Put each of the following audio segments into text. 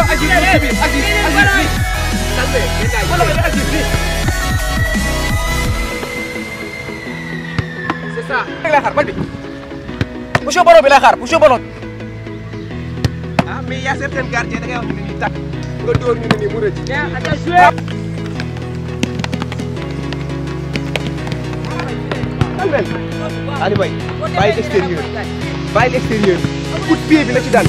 Aziz Aziz Aziz Aziz Aziz Aziz Aziz c'est ça. lay xaar bal bi monsieur Baro bi lay xaar monsieur Baro. ah mais y a certains gardiens da ngay wax ñu ne ñuy tàkk nga door ñu ne nii mu rëcc. Aliou Mbaye bàyyi l'extérieur bàyyi l'extérieur coup de pied bi la ci dal.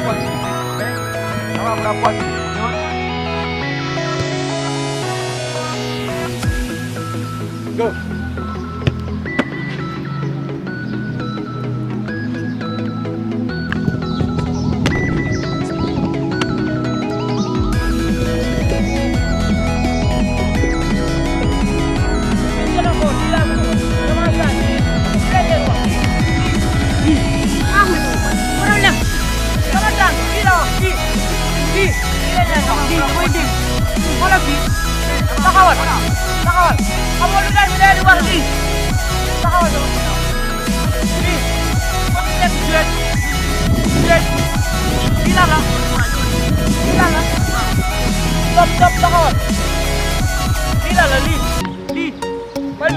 perempuan sama perempuan Go. stop, stop, stop. Sila lah, lead, lead.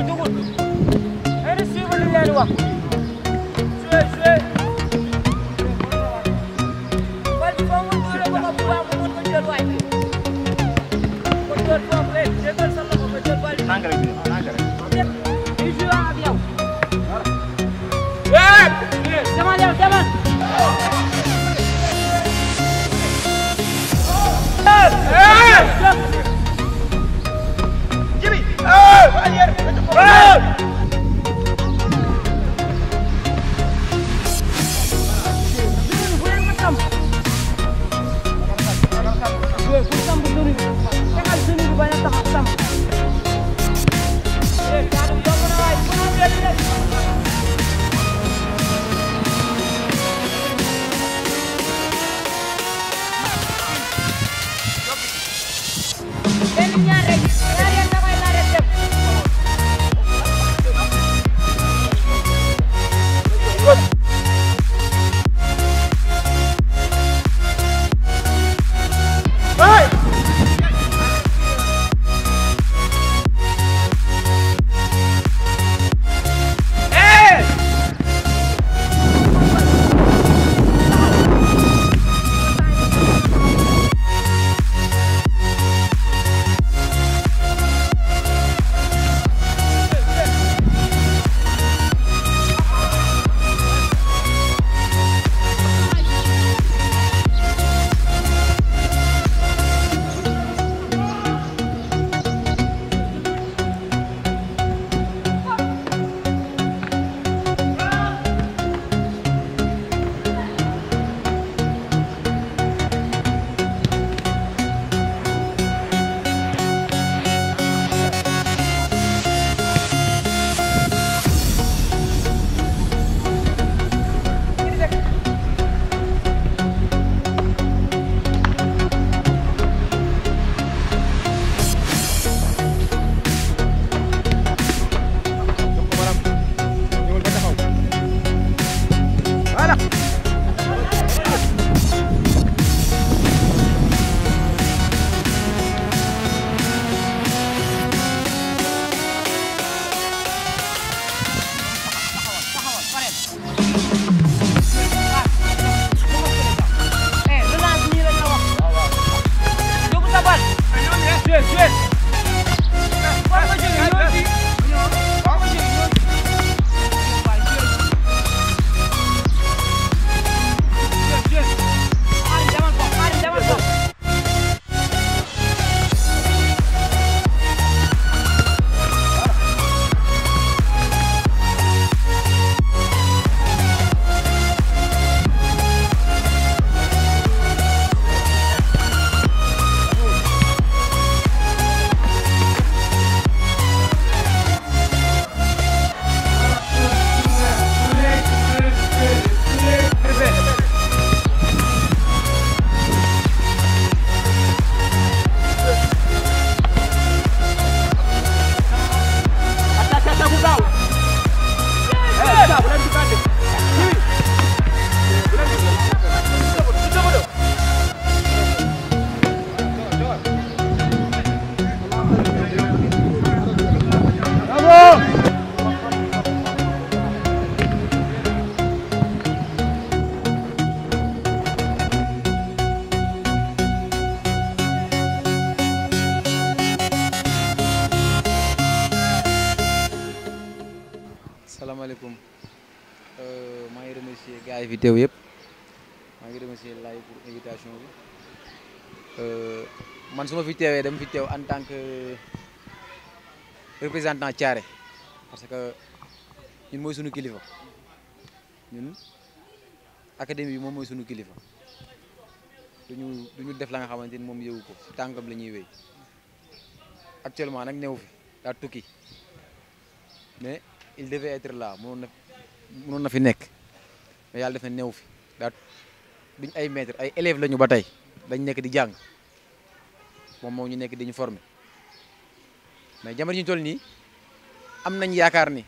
tunggu. Ada siapa yang ada wah? teew yëpp maa ngi remercier Laye pour invitation bi euh, man su fi teewee dama fi teew en tant que représentant Thiaré parce que ñun mooy sunu kilifa ñun académie bi moom mooy sunu kilifa duñu duñu def la nga xamante ni moom yëwu ko si tànkam la ñuy wéy actuellement nag newu fi daa tukki mais il devait être là mënoon na mënoon na fi nekk mais yàlla def na néew fi daa duñ ay maître ay élèves lañu ba tey dañ nekk di jàng moom moom ñu nekk di ñu former mais jamono ñu toll nii am nañ yaakaar ni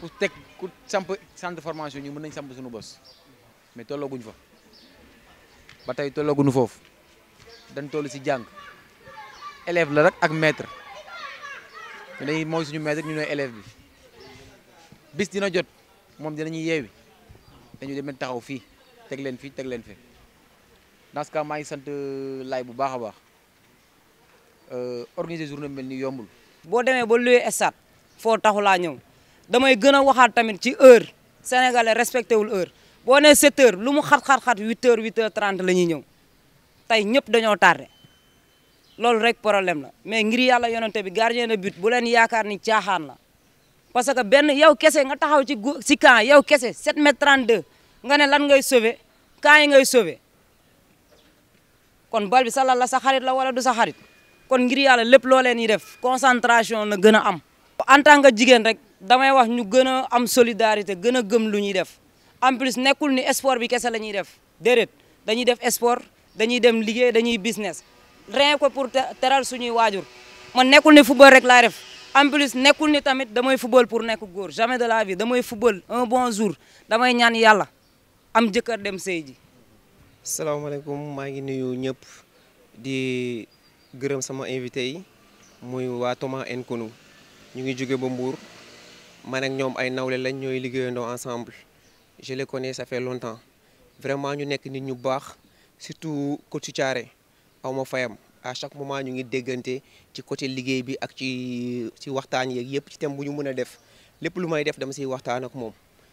ku teg ku samp centre de ñu mën nañ samp suñu bos mais tollooguñ fa ba tey tollooguñu foofu dañ toll si jàng élève la rek ak maître ñu dañuy mooy suñu maître ñu nooy élève bi bis dina jot moom dinañuy yeewi dañu demeen taxaw fii teg leen fii teg leen fi dans ce maa ngi sant euh, laay bu baax a baax euh, organiser journée mel ni yombul. boo demee ba luy esat foo taxulaa ñëw damay gën a waxaat tamit ci heure sénégalais respecté wul heure boo nee 7 heures lu mu xat xat xat 8 heures 8 heures la ñuy ñëw tey ñëpp dañoo tardé loolu rek problème la mais ngir yàlla yonante bi gardien na but bu leen yaakaar ni caaxaan la parce que benn yow kese nga taxaw ci ci camp yow kese 7 mètre 32. nga ne lan ngay sauver quand yi ngay sauver kon bal bi sa lan la sa xarit la wala du sa xarit kon ngir yàlla lépp loo leen yi def concentration na gën a am. en tant que jigéen rek damay wax ñu gën a am solidarité gën a gëm lu ñuy def en plus nekkul ni sport bi kese la ñuy def déedéet dañuy def sport dañuy dem liggéey dañuy business rien que pour teral suñuy waajur man nekkul ni football rek laay def en plus nekkul ni tamit damay football pour nekk góor jamais de la vie damay football un bon jour damay ñaan yàlla. am jëkkër dem sëy ji alaykum ma ngi nuyu ñëpp di gërëm sama invité yi muy wa Thomas Nkunu ñu ngi joggé ba Mbour man ak ñom ay nawlé lañ ñooy liggéeyandoo ensemble je les connais ça fait longtemps vraiment ñu nekk nit ñu baax surtout côté Thiaré aw fayam à chaque moment ñu ngi déggante ci côté liggéey bi ak ci ci waxtaan yeeg yépp ci thème bu ñu mëna def lépp lu may def dama ci waxtaan ak moom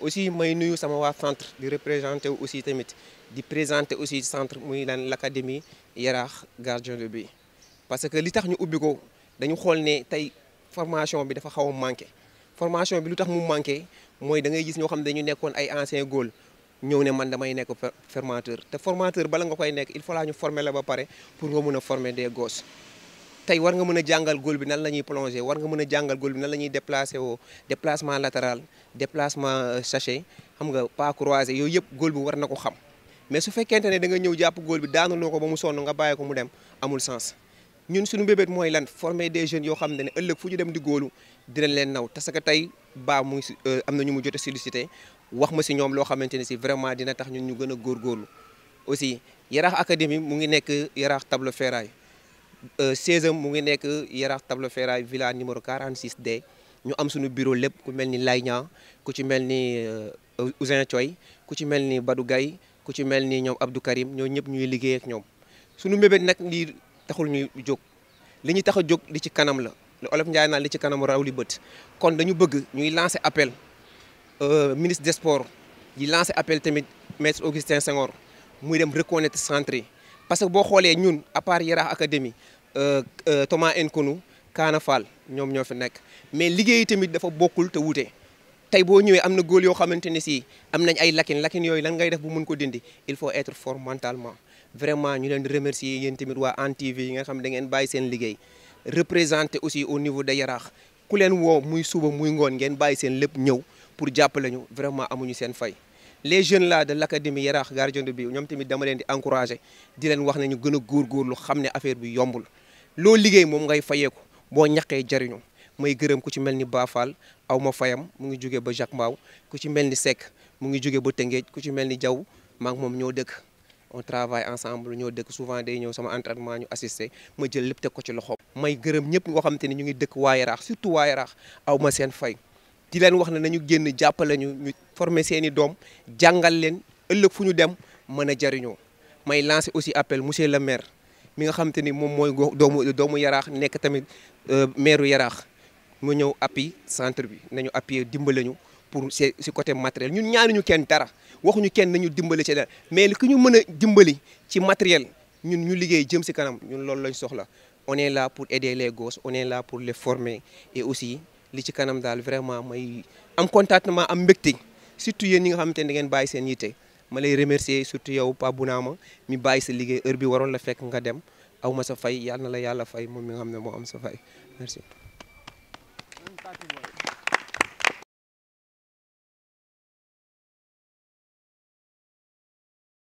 aussi may nuyu sama wa centre di représenter aussi tamit di présenter aussi centre muy lan l' académie gardien de but parce que li tax ñu ubbi ko dañu xol né tay formation bi dafa xaw a manqué formation bi lutax mu manqué moy da ngay gis ñoo xam dañu nekkoon ay ancien goal ñew né man damay nekk formateur te formateur bala nga koy nekk il faut la ñu former la ba paré pour nga mëna former des gosses tey war nga mën a jàngal góol bi nan la ñuy plongé war nga mën a jàngal góol bi nan la ñuy déplacé woo déplacement latéral déplacement euh, sachet xam nga pas croisé yooyu yëpp góor bi war na ko xam mais su fekkente ne da nga ñëw jàpp góor bi daanuloo ko ba mu sonn nga bàyyi ko mu dem amul sens ñun suñu bébét mooy lan former des jeunes yoo xam ne ne ëllëg fu ñu dem di góolu dinañ leen naw parce que tey baa mu ngi si euh, am na ñu mu jot a wax ma si ñoom loo xamante ne si vraiment dina tax ñun ñu gën a góorgóorlu aussi Yaraax académie mu ngi nekk Yaraax table ferraille Euh, siège mu ngi nekk Yarax Table Ferraille villa numéro 46 D ñu am suñu bureau lépp ku mel ni Layña ku ci mel ni euh, Ousin Thioy ku ci mel ni Badou Gaye ku ci mel ni ñoom Abdou Karim ñoo ñëpp ñuy liggéey ak ñoom suñu mébét nag lii taxul ñuy jóg li ñu tax a jóg li ci kanam la lu olof Njaay naan li ci kanam raw li kon dañu bëgg ñuy lancer appel euh, ministre de sports di lancer appel tamit maître Augustin Senghor muy dem reconnaître centre yi parce que boo xoolee ñun à part Yarax Euh, euh, Thomas Nkunu Kaana Fall ñoom ñoo fi nekk mais liggéey tamit dafa bokkul te wute tey boo ñëwee am na góor yoo xamante ne si am nañ ay lakin lakkin yooyu lan ngay def bu mun ko dindi il faut être fort vraiment ñu leen di remercier tamit waa Hann TV yi nga xam ne da ngeen bàyyi seen liggéey représenté aussi au niveau de Yaraax ku leen woo muy suba muy ngoon ngeen bàyyi seen lépp ñëw pour jàppale ñu vraiment amuñu seen fay les jeunes là de l' académie Yaraax gardien de ñoom tamit dama leen di encouragé di leen wax ne ñu gën a góorgóorlu xam ne affaire bi yombul lo liguey mom ngay fayeku bo jariñu may gërëm ku ci Bafal fayam mu ngi ba Jacques mau ku ci ni mu ngi ba ku on travaille ensemble ñoo dëkk souvent day sama entraînement ñu assister ma jël lepp te ko ci loxo. may gërëm ñepp nga ñu ngi surtout ma fay di wax nañu ñu former seeni dom jangal len ëlëk fuñu dem may lancer aussi appel monsieur le maire. mi nga xamante ni moom mooy doomu doomu yaraax nekk tamit euh, maire yaraax mu ñëw appui centre bi nañu appuyer dimbale ñu pour si si côté matériel ñun ñaanuñu kenn dara waxuñu kenn nañu dimbale ci dara mais li ki ñu mën a dimbali ci matériel ñun ñu liggéey jëm si kanam ñun loolu lañ soxla on est pour aider les gosses on pour le former et aussi li ci kanam daal vraiment may am contentement am mbégte surtout yéen ñi nga xamante ne da ngeen bàyyi seen yitte ma lay remercier surtout yow Pa ma mi bàyyi sa liggéey heure bi waroon la fekk nga dem awma sa fay yàlla na la yàlla fay moom mi nga xam ne moo am sa fay merci